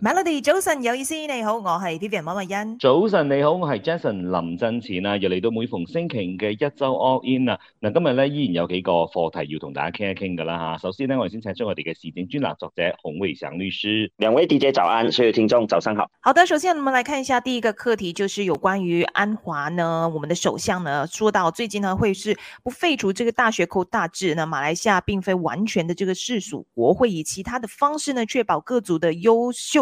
Melody，早晨有意思，你好，我係 TVB 馬慧欣。早晨你好，我係 Jason 林振前啊，又嚟到每逢星期嘅一周 all in 啊。嗱、啊，今日咧依然有幾個課題要同大家傾一傾噶啦吓。首先呢，我哋先請出我哋嘅時政專欄作者洪偉祥律師。兩位記者早安，所有聽眾早上好。好的，首先我們來看一下第一個課題，就是有關於安華呢，我們的首相呢，說到最近呢會是不廢除這個大學固打制，那馬來西亞並非完全的這個世俗國會，以其他的方式呢確保各族的優秀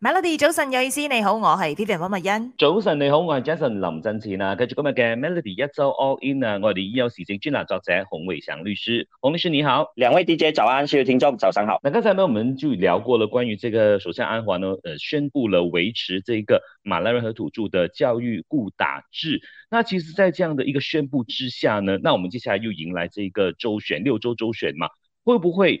Melody 早晨，有意思，你好，我係 Peter 溫密恩。早晨，你好，我係 Jason 林振奇啊。繼續今日嘅 Melody 一周 All In 啊，我哋已有時政專欄作者洪偉祥律師，洪律師你好，兩位 DJ 早安，所有聽眾早上好。那剛才呢，我們就聊過了關於這個，首相安華呢，呃，宣布了維持這個馬來人和土著的教育固打制。那其實，在這樣的一個宣布之下呢，那我們接下來又迎來這一個州選六州州選嘛，會不會？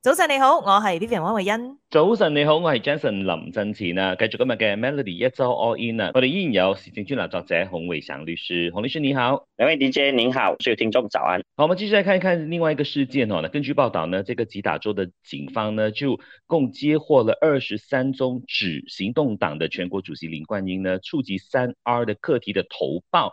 早晨你好，我係 Vivian 汪慧欣。早晨你好，我係 Jason 林振前啊，繼續今日嘅 Melody 一周 All, All In 啊，我哋依然有時政專欄作者洪偉祥律師，洪律師你好，兩位 DJ 你好，所有聽眾早安。好，我們繼續來看一看另外一個事件哦。那根據報道呢，這個吉打州的警方呢，就共接獲了二十三宗指行動黨的全國主席林冠英呢觸及三 R 的課題的投報。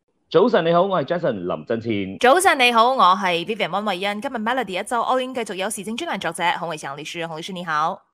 早晨你好，我是 Jason 林振謙。早晨你好，我是 Vivian 溫慧欣。今日 Melody 一周 All In 繼續有時政專欄作者洪偉翔律師。洪律師你好。